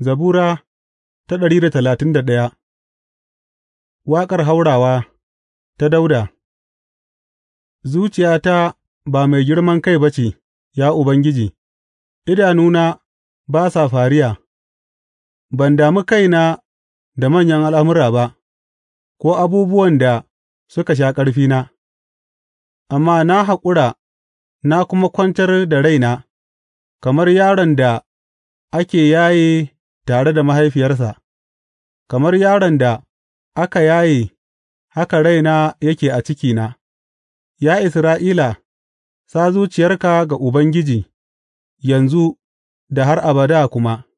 Zabura ta ɗari da talatin da ɗaya Waƙar haurawa ta Dauda Zuciyata ba mai girman kai ba ce, ya Ubangiji, idanuna ba sa fariya, ban damu kaina da manyan al'amura ba, ko abubuwan da suka sha ƙarfina, amma na haƙura na kuma kwantar da raina, kamar yaron da ake yaye tare da mahaifiyarsa, kamar yaron da aka yaye haka raina yake a cikina; Ya Isra'ila, sa zuciyarka ga Ubangiji, yanzu da har abada kuma.